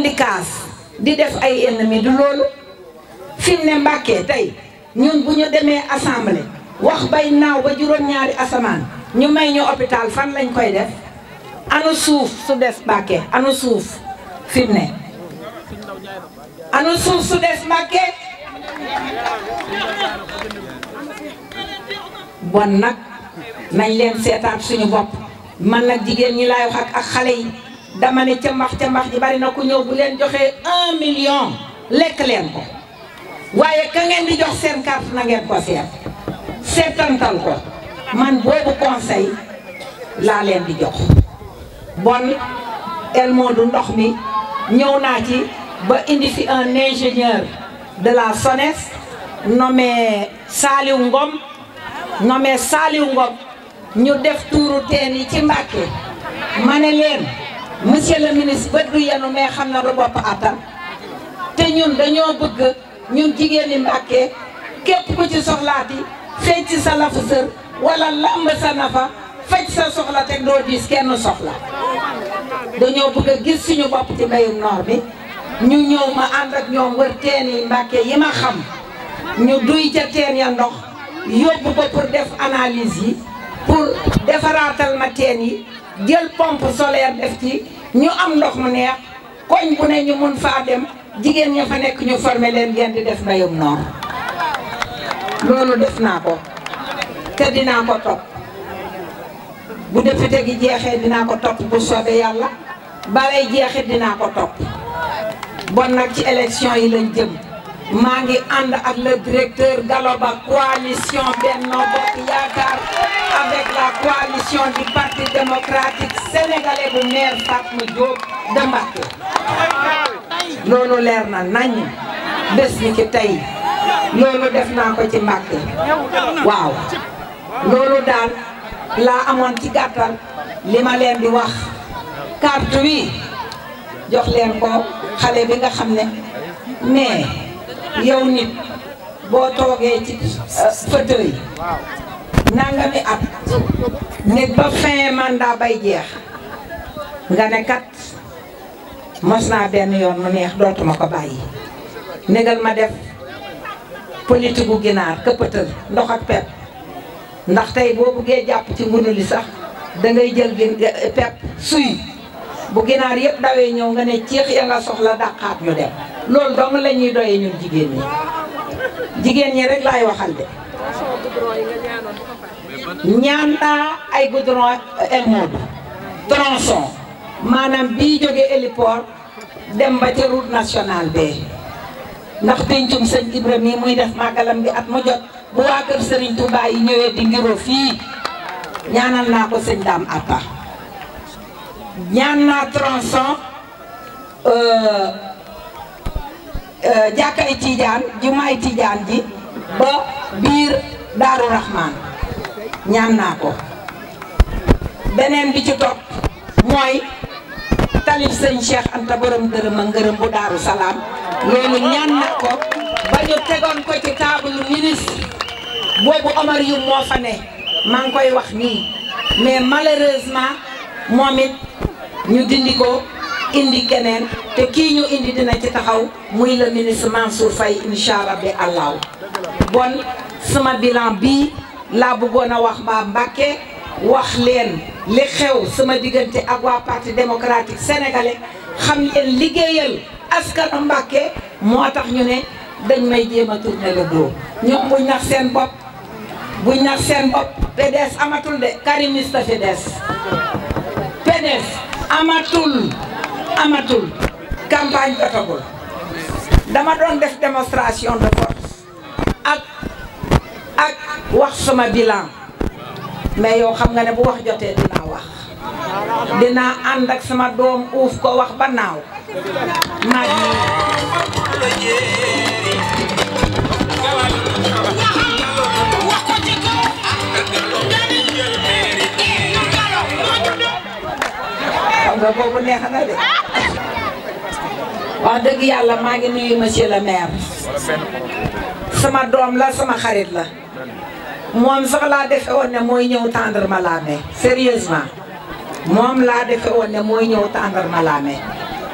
ngeen di def ay ennemi du loolu fi ne Mbàkke tey ñun bu ñu demee assemblée wax bay naaw ba juróom-ñaari asamaan ñu may ñu hôpital fan lañ koy def anu suuf su des Mbàkke anu suuf fi ne anu suuf su des Mbàkke bon nag nañ leen seetaat suñu bopp man nag jigéen ñi laay wax ak ak xale yi dama ne cëmbax cëmbax ji bari na ku ñëw bu leen joxee un million lekk leen ko waaye ka di jox seen carte na ngeen ko seet seetantal ko man boobu conseil laa leen di jox bon El du ndox mi ñëw naa ci ba indi fi un ingénieur de la SONES nommé Saliou Ngom nommé Saliou Ngom ñu def tuuru teen ci Mbàkke ma ne leen monsieur le ministre bët du yenu mais xam na lu bopp attan te ñun dañoo bëgg ñun jigéen ñi Mbàkke képp ku ci soxlaati feeñ ci sa lafu sër wala làmb sa nafa faj sa soxla teg doo diis kenn soxla dañoo bëgg a gis suñu bopp ci mbayum noor bi ñu ñëw ma ànd ak ñoom wër teen yi Mbàkke yi ma xam ñu duy ca teen ya ndox yóbbu ko pour def analyse yi pour defaraatal ma teen yi jël pompe solaire def ci ñu am ndox mu neex koñ bu ne ñu mun faa dem jigéen ña fa nekk ñu formé leen ngeen di def mbayum noor loolu def naa ko te dinaa ko topp bu député gi jeexee dinaa ko topp bu soobee yàlla balay jeexit dinaa ko topp bon nag ci élection yi lañ jëm maa ngi ànd ak le directeur Gallo Ba coalition Benno Bokk Yaakaar avec la coalition loolu leer na nañ bés ni ci tey loolu def naa ko ci Mbacké waaw loolu daal laa amoon ci gàttal li ma leen di wax carte wi jox leen ko xale bi nga xam ne mais yow nit boo toogee ci euh, fauteuil nangami at nit ba fin mandat bay jeex nga ne kat mos naa benn yoon mu neex dootuma ko bàyyi négal ma def politique gu ginaar këppatal ndox ak pepp ndax tey boo buggee jàpp ci ngunu li sax dangay jël gin pepp suy bu ginaar yëpp dawee ñëw nga ne ceex ya nga soxla dàqaat ñu dem lool dong la ñuy doyee ñun jigéen ñi jigéen ñi rek laay waxal de ñaanta ay goudron El Modou tronçon maanaam bii jóge héliport dem ba ci route nationale bee ndax pencum sëñ Ibra mii muy def màggalam bi at mu jot bu waa kër Serigne Touba yi ñëwee di ngiro fii ñaanal naa ko sëñ Dame Atta ñaan naa tronçon euh, euh, jàkkay Tidiane jumaay Tidiane ji ba biir Daaru Rahman ñaan naa ko beneen bi ci topp mooy talib sëñ Cheikh Anta borom dërëm a ngërëm bu daaru salaam loolu ñaan ko ba ñu tegoon ko ci taabalu ministre boobu Omar yu moo fa ne maa ngi koy wax nii mais malheureusement moom it ñu dindi ko indi keneen te kii ñu indi dina ci taxaw muy la ministre Mansour Faye incha bi àllaaw bon sama bilan bii laa bëggoon a wax ma Mbàkke wax leen li xew sama diggante ak waa parti démocratique sénégalais xam leen liggéeyal askan Mbàkke moo tax ñu ne dañ may jéem a tourner le ñoom buñ nax seen bopp buñ nax seen bopp PDS amatul de karimiste fi des amatul amatul campagne jotagul dama doon def démonstration de force ak wax sama bilan mais yow xam nga ne bu wax jotee dinaa wax dinaa ànd ak sama doom uuf ko wax ba naaw maa ngi wax dëgg yàlla maa ngi nuyu monsieur le maire sama doom la sama xarit la moom sax laa defe woon ne mooy ñëw tendre ma la main moom laa defe woon ne mooy ñëw tendre ma la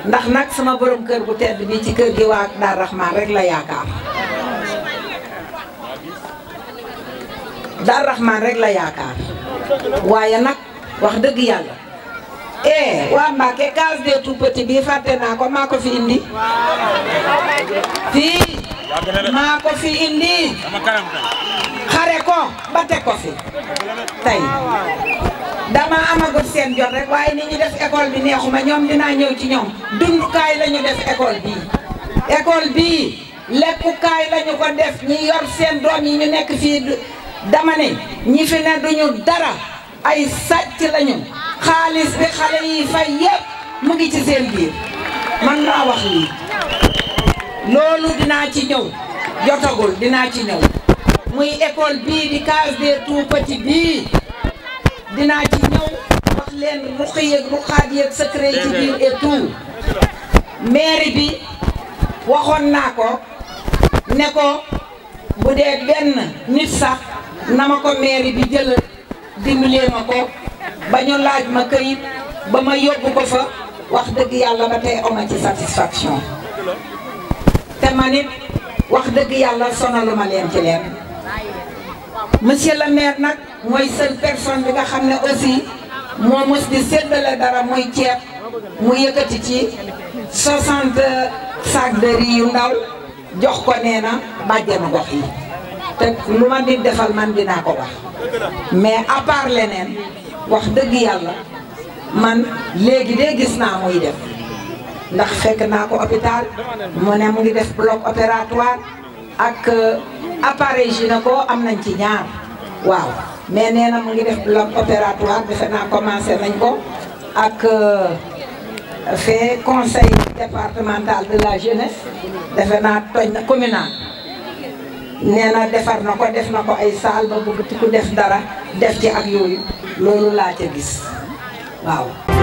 ndax nag sama borom kër bu tedd bi ci kër gi waa Daar Rahman rek la yaakaar Daar rek la yaakaar waaye nag wax dëgg yàlla eh waa Mbacke case des tout-petits bii fàtte naa ko maa ko fi indi fii maa ko fi indi pare ko ba teg ko fi tey dama amagut seen jot rek waaye ni ñu def école bi neexuma ñoom dinaa ñëw ci ñoom dundukaay lañu ñu def école bii école bii lekkukaay la ko def ñi yor seen doom yi ñu nekk fii dama ne ñi fi ne duñu dara ay sàcc lañu xaalis bi xale yi fay yépp mu ngi ci seen biir man naa wax lii loolu dinaa ci ñëw jotagul dinaa ci ñëw muy école bii di case des tout petits bii dinaa ci ñëw wax leen ruq yeeg ruqaat yeeg secret ci biir et tout mairie bi waxoon naa ko ne ko bu dee benn nit sax na ma ko mairie bi jël dimbalee ma ko ba ñu laaj ma këyit ba ma yóbbu ko fa wax dëgg yàlla ba tey oma ci satisfaction te man it wax dëgg yàlla sonaluma leen ci leen monsieur le maire nag mooy seule personne bi nga xam ne aussi moo mos di séddale dara muy ceeb mu yëkkati ci 60 sacs de riz yu ndaw jox ko nee na bàjjenu gox yi te lu ma nit defal man dinaa ko wax mais à part leneen wax dëgg yàlla man léegi de gis naa muy def ndax fekk naa ko hôpital mu ne mu ngi def bloc opératoire. ak euh, appareil ko am nañ ci ñaar waaw mais nee na mu ngi def bloc opératoire defe naa commencé nañ ko ak euh, fait conseil départemental de la jeunesse defe naa toj na communal nee na defar na ko def na ko ay saal ba bëgg ku def dara def ci ak yooyu loolu laa ca gis waaw